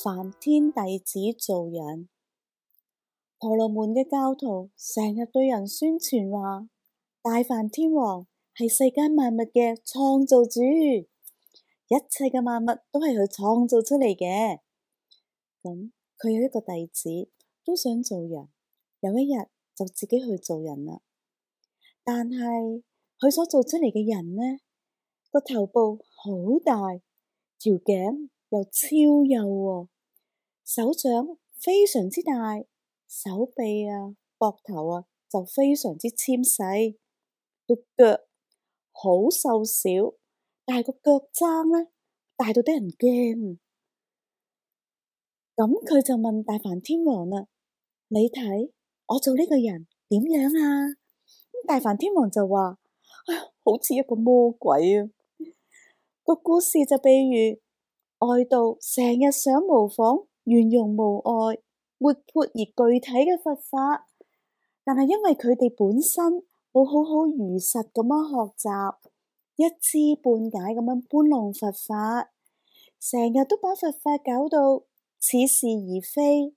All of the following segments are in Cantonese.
梵天弟子造人，婆羅門嘅教徒成日對人宣傳話，大梵天王係世間萬物嘅創造主，一切嘅萬物都係佢創造出嚟嘅。咁、嗯、佢有一個弟子都想造人，有一日就自己去造人啦。但係佢所造出嚟嘅人呢，個頭部好大，條頸。又超幼喎、啊，手掌非常之大，手臂啊、膊頭啊就非常之纖細，個腳好瘦小，但係個腳踭咧大到啲人驚。咁佢、嗯、就問大梵天王啦、啊，你睇我做呢個人點樣啊？咁大梵天王就話，哎呀，好似一個魔鬼啊！個 故事就比如。外道成日想模仿圓融無礙、活潑而具體嘅佛法，但係因為佢哋本身冇好好如實咁樣學習，一知半解咁樣搬弄佛法，成日都把佛法搞到似是而非，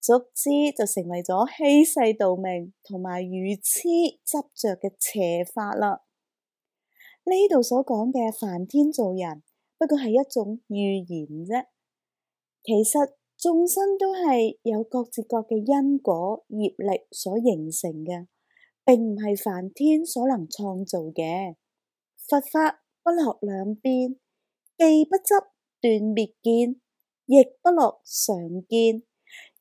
卒之就成為咗欺世盜名同埋愚痴執着嘅邪法啦。呢度所講嘅梵天造人，不過係一種寓言啫，其實眾生都係有各自各嘅因果業力所形成嘅，並唔係梵天所能創造嘅。佛法不落兩邊，既不執斷滅見，亦不落常見，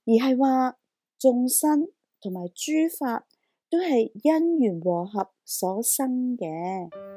而係話眾生同埋諸法都係因緣和合所生嘅。